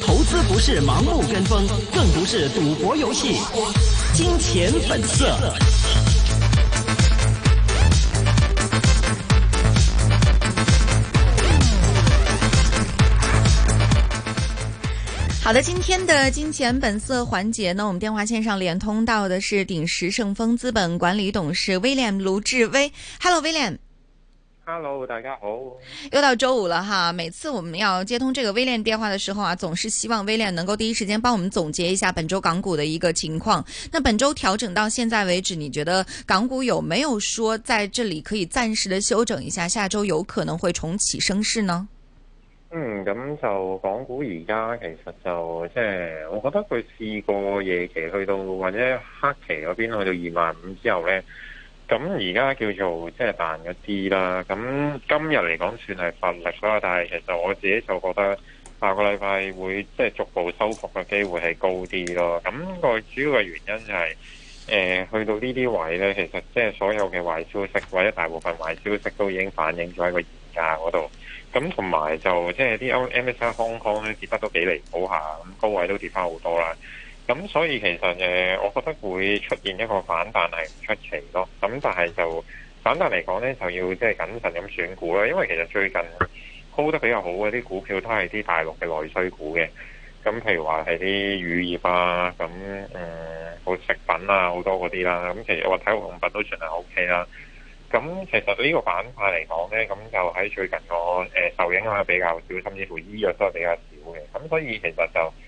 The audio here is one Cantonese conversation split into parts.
投資不是盲目跟風，更不是賭博遊戲。金錢本色。好的，今天的金錢本色環節呢，我們電話線上連通到的是鼎石盛豐資本管理董事威廉·盧志威。Hello，威廉。hello，大家好，又到周五了哈！每次我們要接通這個威廉電話的時候啊，總是希望威廉能夠第一時間幫我們總結一下本周港股的一個情況。那本周調整到現在為止，你覺得港股有沒有說在這裏可以暫時的休整一下，下周有可能會重啟升勢呢？嗯，咁就港股而家其實就即係、就是，我覺得佢試過夜期去到或者黑期嗰邊去到二萬五之後咧。咁而家叫做即係彈咗啲啦，咁今日嚟講算係乏力啦，但係其實我自己就覺得下個禮拜會即係逐步收復嘅機會係高啲咯。咁、個主要嘅原因就係誒，去到呢啲位呢，其實即係所有嘅壞消息或者大部分壞消息都已經反映咗喺個現價嗰度。咁同埋就即係啲 MSC Hong Kong 咧跌得都幾離譜下，咁高位都跌返好多啦。咁、嗯、所以其實誒、呃，我覺得會出現一個反彈係唔出奇咯。咁、嗯、但係就反彈嚟講呢，就要即係、就是、謹慎咁選股啦。因為其實最近 hold 得比較好嗰啲股票，都係啲大陸嘅內需股嘅。咁、嗯、譬如話係啲乳業啊，咁誒好食品啊，好多嗰啲啦。咁、嗯、其實話體育用品都算係 OK 啦。咁、嗯、其實呢個板塊嚟講呢，咁、嗯、就喺最近我誒、呃、受影響比較少，甚至乎醫藥都係比較少嘅。咁、嗯、所以其實就～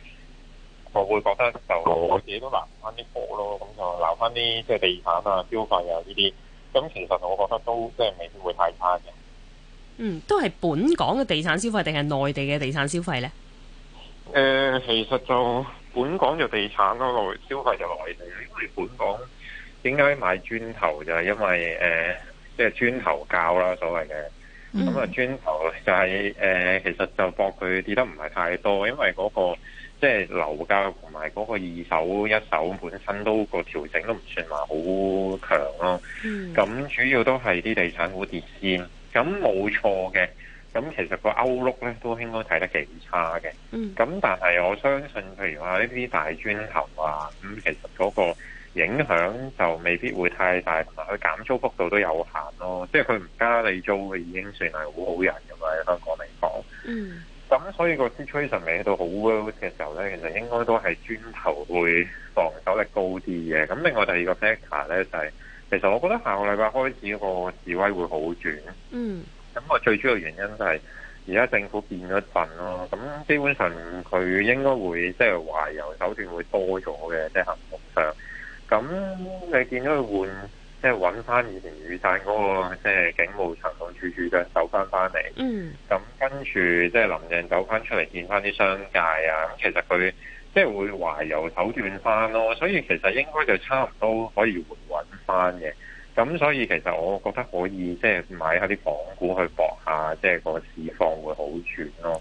我會覺得就我自己都留翻啲貨咯，咁就留翻啲即係地產啊、消費啊呢啲。咁其實我覺得都即係未必會太差嘅。嗯，都係本港嘅地產消費定係內地嘅地產消費咧？誒、嗯，嗯、其實就本港就地產嗰度消費就內地，因為本港點解買磚頭就係因為誒，即係磚頭教啦，所謂嘅。咁啊、嗯，磚頭就係、是、誒、呃，其實就博佢跌得唔係太多，因為嗰、那個。即係樓價同埋嗰個二手一手本身都個調整都唔算話好強咯。咁、嗯、主要都係啲地產股跌先。咁冇錯嘅。咁其實個 outlook 咧都應該睇得幾差嘅。咁、嗯、但係我相信，譬如話呢啲大磚頭啊，咁其實嗰個影響就未必會太大，同埋佢減租幅度都有限咯。即係佢唔加你租，佢已經算係好好人咁喺香港嚟講。嗯咁所以個 situation 未到好嘅時候咧，其實應該都係磚頭會防守力高啲嘅。咁另外第二個 factor 咧就係，其實我覺得下個禮拜開始個示威會好轉。嗯。咁啊，最主要原因就係而家政府變咗陣咯。咁基本上佢應該會即係懷柔手段會多咗嘅，即係行動上。咁你見到佢換。即係揾翻以前雨傘嗰，那個，即係警務行動處處長走翻翻嚟。嗯、mm.，咁跟住即係林鄭走翻出嚟見翻啲商界啊，咁其實佢即係會懷柔手段翻咯。所以其實應該就差唔多可以回穩翻嘅。咁所以其實我覺得可以即係買下啲房股去搏下，即係個市況會好轉咯。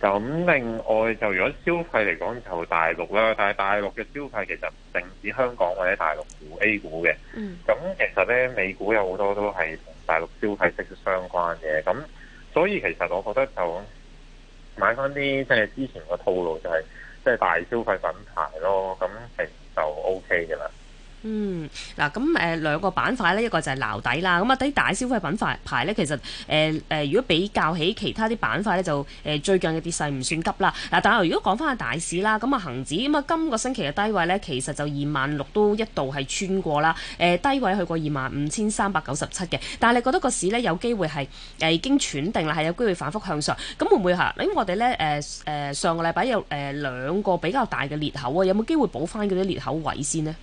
咁另外就如果消費嚟講就大陸啦，但係大陸嘅消費其實唔淨止香港或者大陸股 A 股嘅，咁、嗯、其實咧美股有好多都係同大陸消費息息相關嘅，咁所以其實我覺得就買翻啲即係之前嘅套路、就係，就係即係大消費品牌咯，咁其實就 OK 嘅啦。嗯，嗱，咁、嗯、誒兩個板塊呢，一個就係撈底啦。咁、嗯、啊，啲大消費品牌呢，其實誒誒、呃呃，如果比較起其他啲板塊呢，就誒、呃、最近嘅跌勢唔算急啦。嗱，但係如果講翻個大市啦，咁啊，恒指咁啊，今個星期嘅低位呢，其實就二萬六都一度係穿過啦。誒、呃、低位去過二萬五千三百九十七嘅，但係你覺得個市呢，有機會係誒已經轉定啦，係有機會反覆向上，咁會唔會嚇？咁、欸、我哋呢，誒、呃、誒、呃、上個禮拜有誒、呃、兩個比較大嘅裂口啊，有冇機會補翻嗰啲裂口位先呢？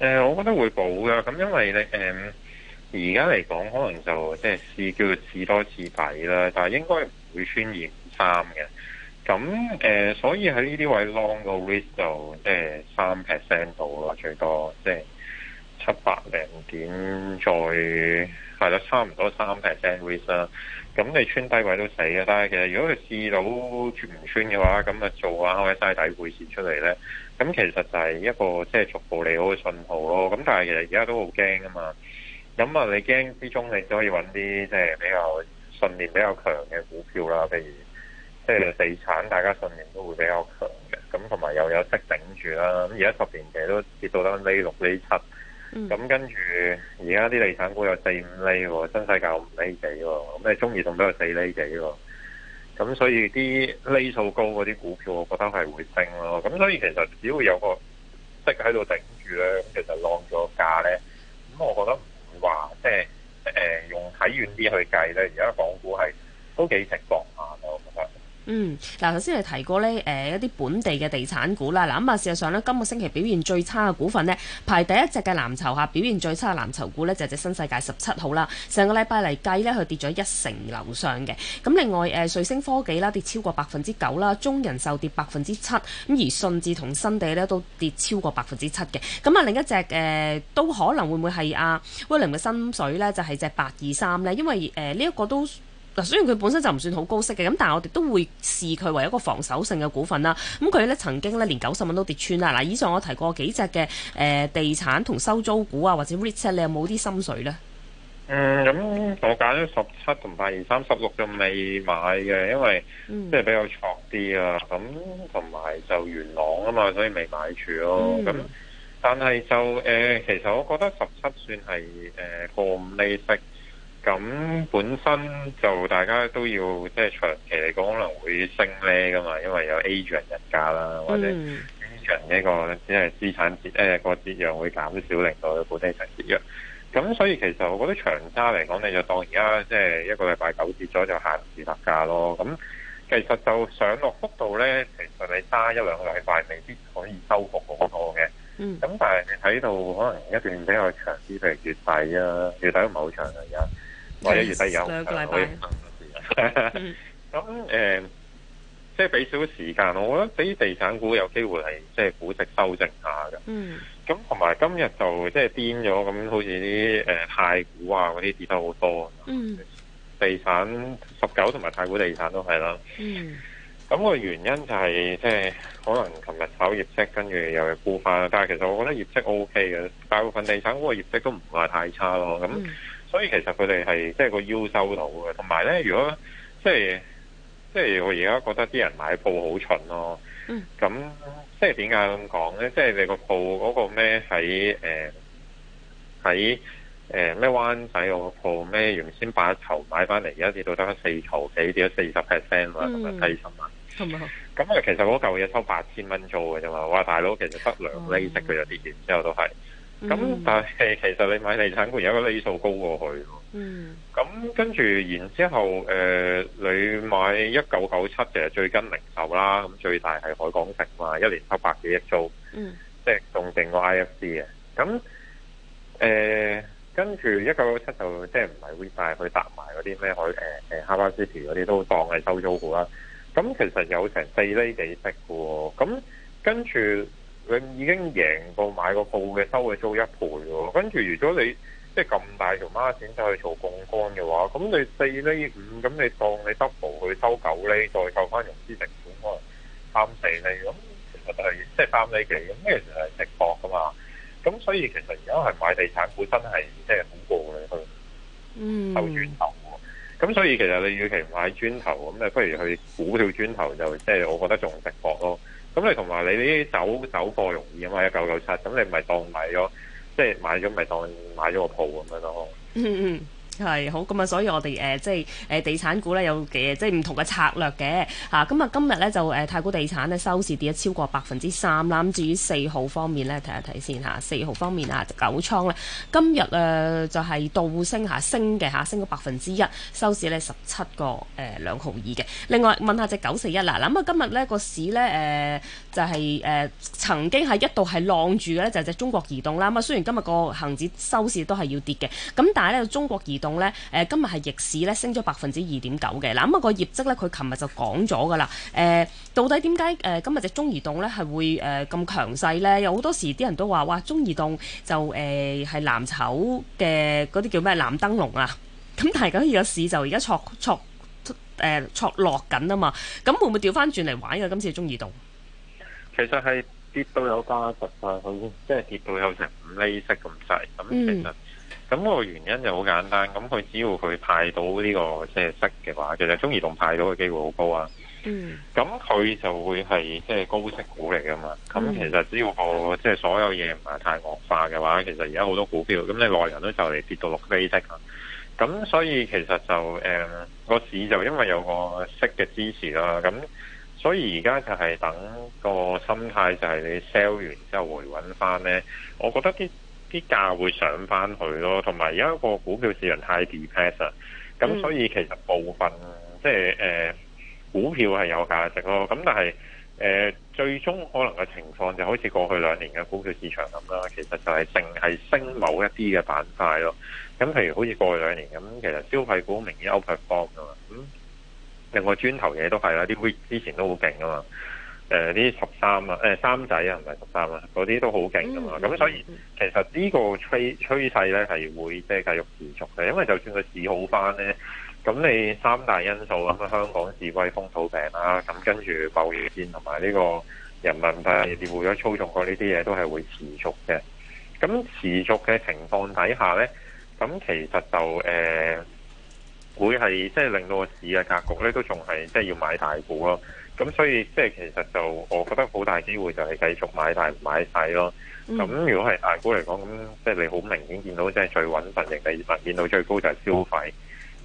誒、呃，我覺得會補嘅，咁、嗯、因為咧，誒、嗯，而家嚟講可能就即係試叫做至多至底啦，但係應該唔會穿二三嘅。咁、嗯、誒、呃，所以喺呢啲位 long 個 risk 就即係三 percent 到咯，最多即係七百零點再係啦，差唔多三 percent risk 啦。咁你穿低位都死嘅，但係其實如果佢試到穿唔穿嘅話，咁啊做下我以嘥底背市出嚟咧。咁其實就係一個即係逐步利好嘅信號咯。咁但係其實而家都好驚啊嘛。咁啊，你驚之中你都可以揾啲即係比較信念比較強嘅股票啦，譬如即係地產，大家信念都會比較強嘅。咁同埋又有息頂住啦。咁而家十年期都跌到得厘六厘七。咁、嗯、跟住而家啲地產股有四五厘、哦，新世界五厘幾、哦，咁你中移動都有四厘幾、哦，咁所以啲厘數高嗰啲股票，我覺得係會升咯、哦。咁所以其實只要有個息喺度頂住咧，咁其實浪咗價咧，咁我覺得唔會話即係誒、呃、用睇遠啲去計咧，而家港股係都幾值博。嗯，嗱，頭先你提過呢，誒、呃、一啲本地嘅地產股啦，嗱咁啊，事實上呢，今個星期表現最差嘅股份呢，排第一隻嘅藍籌吓，表現最差嘅藍籌股呢，就係、是、隻新世界十七號啦。上個禮拜嚟計呢，佢跌咗一成樓上嘅。咁另外誒、呃，瑞聲科技啦跌超過百分之九啦，中人壽跌百分之七，咁而信置同新地呢，都跌超過百分之七嘅。咁啊，另一隻誒、呃、都可能會唔會係啊？威廉嘅心水呢，就係隻八二三呢，因為誒呢一個都。嗱，雖然佢本身就唔算好高息嘅，咁但係我哋都會視佢為一個防守性嘅股份啦。咁佢咧曾經咧連九十蚊都跌穿啦。嗱，以上我提過幾隻嘅誒地產同收租股啊，或者 Rich，ard，你有冇啲心水咧、嗯？嗯，咁我揀咗十七同八二三十六就未買嘅，因為即係比較錯啲啊。咁同埋就元朗啊嘛，所以未買住咯。咁但係就誒，其實我覺得十七算係誒過五釐息。咁本身就大家都要即係、就是、長期嚟講可能會升咧噶嘛，因為有 A 人一家啦，嗯、或者 B 人呢個只係資產折，誒、嗯那個折讓會減少，令到佢本身係折讓。咁所以其實我覺得長揸嚟講，你就當而家即係一個禮拜九折咗就限時特價咯。咁其實就上落幅度咧，其實你揸一兩個禮拜未必可以收復嗰個嘅。咁、嗯、但係你睇到可能一段比較長啲，譬如月底啊，月底都唔係好長嚟噶。或者月息有兩個禮拜。咁誒，即係俾少時間，我覺得對地產股有機會係即係股值修正下嘅。咁同埋今日就即係、就是、癲咗，咁好似啲誒太古啊嗰啲跌得好多。嗯、地產十九同埋太古地產都係啦。咁、嗯嗯、個原因就係即係可能琴日炒業績，跟住又沽翻。但係其實我覺得業績 O K 嘅，大部分地產股嘅業績都唔係太差咯。咁、那個所以其實佢哋係即係個腰收到嘅，同埋咧，如果即係即係我而家覺得啲人買鋪好蠢咯、喔。嗯。咁即係點解咁講咧？即係你個鋪，呃呃、鋪個鋪嗰個咩喺誒喺誒咩灣仔個鋪咩？原先八籌買翻嚟，而家跌到得翻四籌，跌咗四十 percent 嘛，咁啊、嗯、低心啊。咁啊、嗯，其實嗰嚿嘢收八千蚊租嘅啫嘛，哇大佬，其實得兩 percent 佢有啲嘢，之後都係。咁、mm hmm. 但係其實你買地產股有一個厘數高過去，咯、mm，咁跟住然之後誒、呃、你買一九九七就係最跟零售啦，咁最大係海港城嘛，一年收百幾億租，mm hmm. 即係仲勁過 I F C 嘅，咁誒跟住一九九七就即係唔係搵晒，去搭埋嗰啲咩海誒誒哈瓦斯皮嗰啲都當係收租股啦，咁、嗯、其實有成四厘幾息嘅喎，咁跟住。佢已經贏過買個鋪嘅收嘅租一倍喎，跟住如果你即係咁大條孖錢就去做槓桿嘅話，咁你四厘五咁你當你 double 去收九厘，再扣翻融資成本可能三四厘，咁其實係即係三厘幾咁，呢其實係值博噶嘛。咁所以其實而家係買地產本身係即係好過你去收磚頭喎。咁、嗯、所以其實你與其買磚頭咁，你不如去股票磚頭就即、是、係我覺得仲值博咯。咁你同埋你啲走走貨容易啊嘛，一九九七，咁你咪當買咗，即係買咗咪當買咗個鋪咁樣咯。 係好咁啊！所以我哋誒、呃、即係誒地產股咧有嘅即係唔同嘅策略嘅嚇。咁啊今日咧就誒太古地產咧收市跌咗超過百分之三啦。至於四號方面咧，睇一睇先嚇。四、啊、號方面嚇、啊、九倉咧，今日誒、呃、就係、是、倒升下升嘅嚇，升咗百分之一，收市咧十七個誒兩毫二嘅。另外問下隻九四一啦，嗱咁啊今日咧個市咧誒、啊、就係、是、誒、啊、曾經係一度係浪住嘅咧，就係、是、隻中國移動啦。咁啊雖然今日個恒指收市都係要跌嘅，咁但係咧中國移動咧，誒今日係逆市咧升咗百分之二點九嘅，嗱咁啊個業績咧，佢琴日就講咗噶啦，誒到底點解誒今日隻中移動咧係會誒咁強勢咧？有好多時啲人都話哇，中移動就誒係藍籌嘅嗰啲叫咩藍燈籠啊，咁但係而家市就而家挫挫誒挫落緊啊嘛，咁會唔會調翻轉嚟玩嘅今次中移動？其實係跌到有加實曬佢即係跌到有成五厘息咁細，咁其實。咁個原因就好簡單，咁佢只要佢派到呢、這個即係、就是、息嘅話，其實中移動派到嘅機會好高啊。嗯，咁佢就會係即係高息股嚟噶嘛。咁、嗯、其實只要個即係所有嘢唔係太惡化嘅話，其實而家好多股票，咁你內人都就嚟跌到六飛息啊。咁所以其實就誒個、嗯、市就因為有個息嘅支持啦。咁所以而家就係等個心態就係你 sell 完之後回穩翻呢。我覺得啲。啲價會上翻去咯，同埋而家個股票市場太 depress 啦，咁、嗯、所以其實部分即係誒、呃、股票係有價值咯，咁但係誒、呃、最終可能嘅情況就好似過去兩年嘅股票市場咁啦，其實就係淨係升某一啲嘅板塊咯，咁譬如好似過去兩年咁，其實消費股明顯 outperform 啊嘛，咁另外磚頭嘢都係啦，啲 whit 之前都好勁啊嘛。誒啲十三啊，誒三、呃欸、仔啊，唔係十三啊，嗰啲都好勁㗎嘛。咁所以其實個趨趨勢呢個趨趨勢咧係會即係繼續持續嘅，因為就算佢市好翻咧，咁你三大因素咁啊，香港市威風土病啊，咁跟住暴雨天同埋呢個人民幣跌回咗，會操縱過呢啲嘢都係會持續嘅。咁持續嘅情況底下咧，咁其實就誒、呃，會係即係令到個市嘅格局咧都仲係即係要買大股咯。咁所以即係其實就我覺得好大機會就係繼續買大唔買細咯。咁如果係大股嚟講，咁即係你好明顯見到即係最穩陣型，你能見到最高就係消費。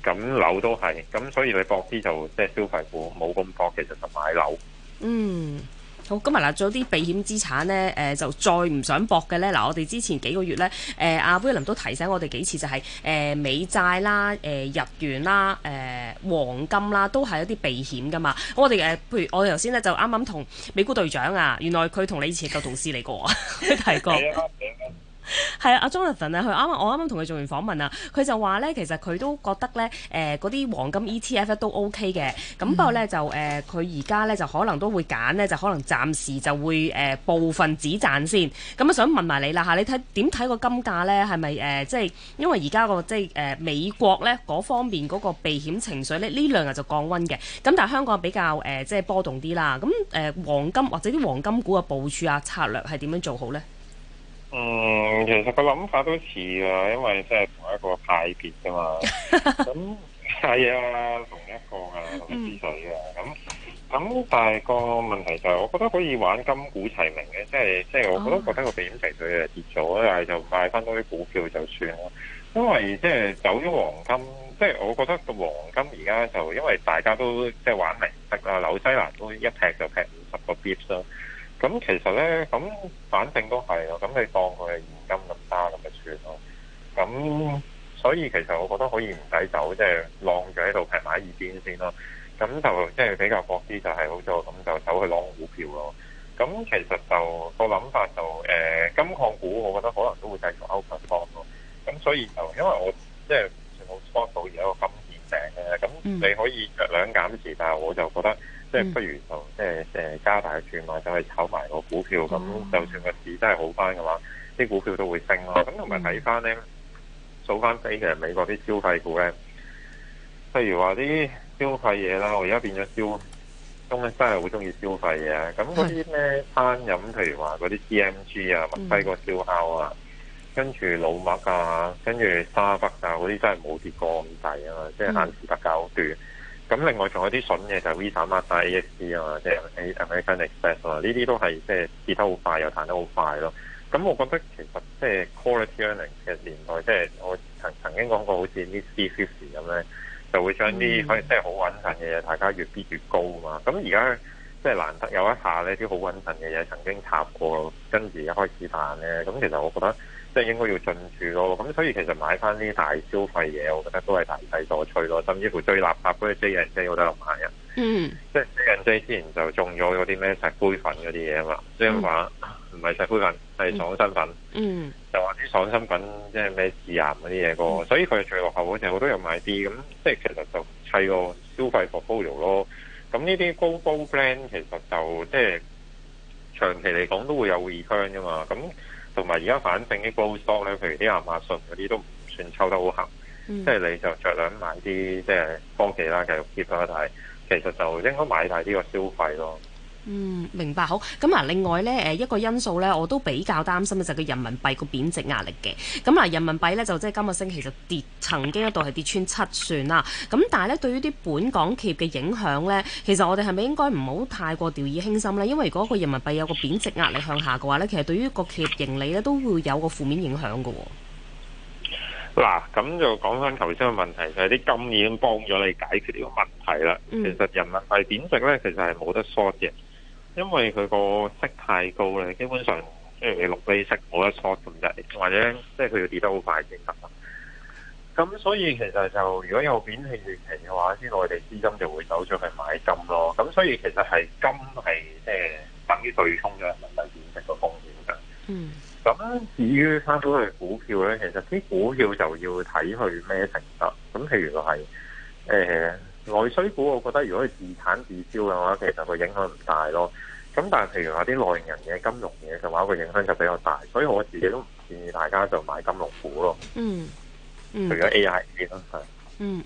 咁樓都係，咁所以你搏啲就即係、就係、消費股冇咁搏，其實就買樓。嗯。好，今日嗱，仲有啲避險資產咧，誒、呃、就再唔想搏嘅咧，嗱，我哋之前幾個月咧，誒阿威廉都提醒我哋幾次、就係，就係誒美債啦、誒、呃、日元啦、誒、呃、黃金啦，都係一啲避險噶嘛。我哋誒、呃，譬如我頭先咧就啱啱同美股隊長啊，原來佢同你以前係舊同事嚟過啊，佢 提過。 係啊，阿 Jonathan 啊，佢啱啱我啱啱同佢做完訪問啊。佢就話咧，其實佢都覺得咧，誒嗰啲黃金 ETF 都 OK 嘅，咁不過咧就誒，佢而家咧就可能都會揀咧，就可能暫時就會誒、呃、部分止賺先。咁、嗯、啊，嗯、我想問埋你啦吓，你睇點睇個金價咧，係咪誒即係因為而家個即係誒美國咧嗰方面嗰個避險情緒咧呢兩日就降溫嘅，咁但係香港比較誒即係波動啲啦，咁誒、呃、黃金或者啲黃金股嘅部署啊策略係點樣做好咧？嗯，其實個諗法都似啊，因為即係同一個派別㗎嘛。咁係啊，同一個啊，同支水啊。咁咁，但係個問題就係，我覺得可以玩金股齊名嘅，即係即係，就係、我都覺得，覺得個避險情緒又跌咗，但係、哦、就買翻多啲股票就算啦。因為即係走咗黃金，即、就、係、係、我覺得個黃金而家就因為大家都即係玩零息啦，紐西蘭都一劈就劈五十個 bips。咁其實咧，咁反正都係咯，咁你當佢係現金咁揸咁咪算咯。咁所以其實我覺得可以唔使走，即係晾住喺度平買二邊先咯。咁就即係比較搏啲、就係，就係好咗。咁就走去晾股票咯。咁其實就、嗰個諗法就誒、呃、金礦股，我覺得可能都會繼續 open down 咯。咁所以就因為我即係全部好 spot 到而家個金點頂嘅，咁你可以着兩減持，但係我就覺得。Mm hmm. 即係不如就即係誒加大一串就係、是、炒埋個股票咁。Mm hmm. 就算個市真係好翻嘅話，啲股票都會升咯。咁同埋睇翻咧，數翻啲其實美國啲消費股咧，譬如話啲消費嘢啦，我而家變咗消，中咧真係好中意消費嘢，啊。咁嗰啲咩餐飲，譬如話嗰啲 CMG 啊，墨西哥燒烤啊，mm hmm. 跟住老麥啊，跟住沙北啊，嗰啲真係冇跌過咁滯啊嘛，mm hmm. 即係限時特價好啲。咁另外仲有啲筍嘅，就係 Visa、是、啊、AEC 啊、即係 American Express 啊，呢啲都係即係跌得好快又彈得好快咯。咁我覺得其實即係 Quality Earnings、e、嘅年代，即、就、係、是、我曾曾經講過，好似 Nifty Fifty 咁咧，就會將啲可以真係好穩陣嘅嘢，大家越逼越高啊嘛。咁而家即係難得有一下呢啲好穩陣嘅嘢曾經踏過，跟住一開始彈咧，咁其實我覺得。即係應該要進駐咯，咁所以其實買翻啲大消費嘢，我覺得都係大勢所趨咯。甚至乎最垃圾嗰啲 J&J 我都有買啊。嗯、mm.。即係 J&J 之前就中咗嗰啲咩石灰粉嗰啲嘢啊嘛，即係話唔係石灰粉係爽身粉。嗯。Mm. 就話啲爽身粉即係咩致癌嗰啲嘢個，就是 mm. 所以佢係最落後嗰隻，我都有買啲。咁即係其實就砌個消費 portfolio 咯。咁呢啲高高 brand 其實就即係長期嚟講都會有異香啫嘛。咁。同埋而家反正啲高 stock 咧，譬如啲亞馬遜嗰啲都唔算抽得好行，嗯，即係你就着量買啲即係科技啦、繼續 keep 啦，一睇，其實就應該買大啲個消費咯。嗯，明白好。咁、嗯、嗱，另外呢，誒一個因素呢，我都比較擔心嘅就係個人民幣個貶值壓力嘅。咁、嗯、嗱、嗯，人民幣呢，就即係今個星期就跌，曾經一度係跌穿七算啦。咁、嗯、但係呢，對於啲本港企業嘅影響呢，其實我哋係咪應該唔好太過掉以輕心呢？因為如果個人民幣有個貶值壓力向下嘅話呢，其實對於個企業盈利呢，都會有個負面影響嘅、哦。嗱、啊，咁就講翻頭先嘅問題，就係啲金已經幫咗你解決呢個問題啦。嗯、其實人民幣貶值呢，其實係冇得疏嘅。因為佢個息太高咧，基本上即係六厘息冇得 short 咁啫，或者即係佢要跌得好快先得。咁所以其實就如果有貶值預期嘅話，啲內地資金就會走出去買金咯。咁所以其實係金係即係等於對沖咗人民幣貶值個風險嘅。嗯。咁至於翻到去股票咧，其實啲股票就要睇佢咩性質。咁譬如話係誒。呃內需股我覺得，如果係自產自銷嘅話，其實個影響唔大咯。咁但係譬如話啲內銀嘅金融嘢嘅話，個影響就比較大。所以我自己都唔建議大家就買金融股咯。嗯，嗯，除咗 AI 啲咯，係。嗯，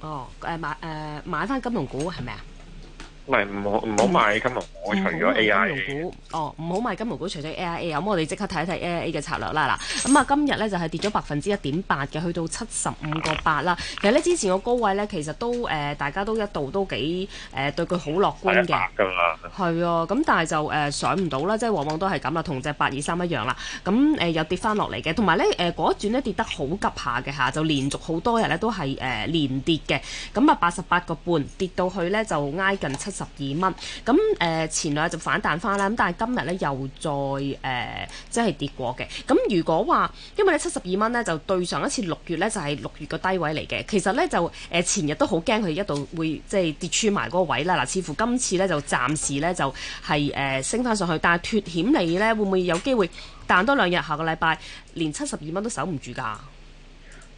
哦，誒買誒買翻金融股係咪啊？唔唔好唔好買金融，我除咗 AIA 哦，唔好買金融股，除咗 AIA，咁我哋即刻睇一睇 AIA 嘅策略啦嗱。咁啊，今日呢就係跌咗百分之一點八嘅，去到七十五個八啦。其實呢，之前個高位呢，其實都誒大家都一度都幾誒對佢好樂觀嘅，係啊。咁但係就誒上唔到啦，即係往往都係咁啦，同隻八二三一樣啦。咁誒又跌翻落嚟嘅，同埋呢誒嗰一轉呢，跌得好急下嘅嚇，就連續好多日呢都係誒連跌嘅。咁啊八十八個半跌到去呢，就挨近七十二蚊咁誒，前兩日就反彈翻啦。咁但係今日咧又再誒，即、呃、係跌過嘅。咁如果話因為咧七十二蚊咧就對上一次六月咧就係、是、六月個低位嚟嘅，其實咧就誒、呃、前日都好驚佢一度會即係跌穿埋嗰個位啦。嗱、呃，似乎今次咧就暫時咧就係、是、誒、呃、升翻上去，但係脫險你咧會唔會有機會彈多兩日？下個禮拜連七十二蚊都守唔住㗎？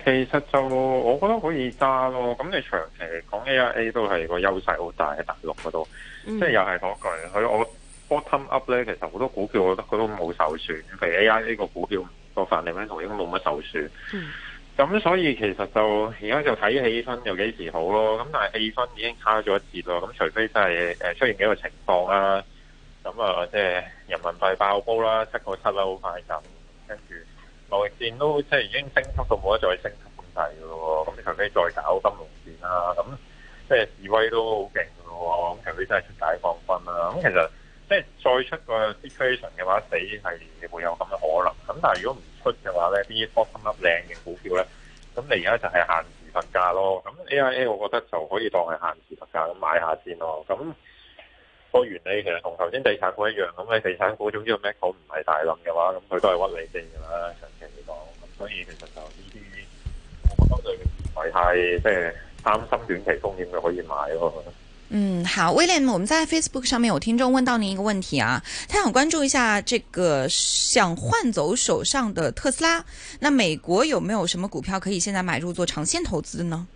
其實就我覺得可以揸咯，咁你長期嚟講 AIA 都係個優勢好大喺大陸嗰度，嗯、即係又係嗰句，佢我 bottom up 咧，其實好多股票我覺得佢都冇受損，譬如 AIA 個股票個范利威圖應該冇乜受損。咁、嗯、所以其實就而家就睇氣氛又幾時好咯，咁但係氣氛已經差咗一截咯，咁除非真係誒出現幾個情況啦、啊，咁啊即係人民幣爆煲啦，七個七啦好快就，跟住。貿易戰都即係已經升級到冇得再升級咁大滯咯喎，咁你除非再搞金融戰啦，咁即係示威都好勁嘅喎，咁除非真係出解放軍啦，咁其實即係再出個 situation 嘅話，死係會有咁嘅可能，咁但係如果唔出嘅話咧，呢啲 pop 得靚嘅股票咧？咁你而家就係限時特價咯，咁 AIA 我覺得就可以當係限時特價咁買下先咯，咁。多原理其實同頭先地產股一樣咁。喺地產股總之個 mac 唔係大冧嘅話，咁佢都係屈你哋噶啦。長期嚟講，咁、嗯、所以其實就呢、是、啲我相對危害，即係擔心短期風險嘅可以買咯。嗯，好，William，我們在 Facebook 上面有聽眾問到您一個問題啊，他想關注一下，這個想換走手上的特斯拉，那美國有沒有什麼股票可以現在買入做長線投資呢？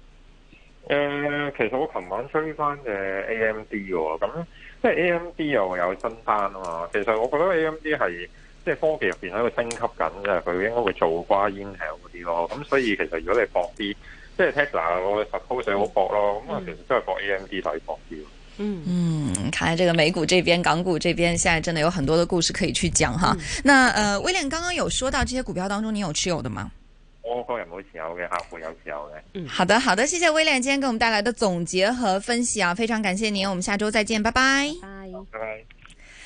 誒、呃，其實我琴晚追翻嘅 AMD 喎，咁。因為 A M D 又有新單啊嘛，其實我覺得 A M D 係即係科技入邊喺度升級緊，即係佢應該會做瓜 Intel 嗰啲咯。咁、嗯、所以其實如果你博啲，即係 Tesla 或者 t e s l 好博咯。咁啊，其實真係博 A M D 睇博啲。嗯嗯，睇下呢個美股這邊、港股這邊，現在真的有很多嘅故事可以去講哈。嗯、那呃，威廉剛剛有說到這些股票當中，你有持有的嗎？我個人冇持有嘅客戶，有持有嘅。嗯，好的，好的，謝謝威廉，今天給我們帶來的總結和分析啊，非常感謝您，我們下周再見，拜拜。拜拜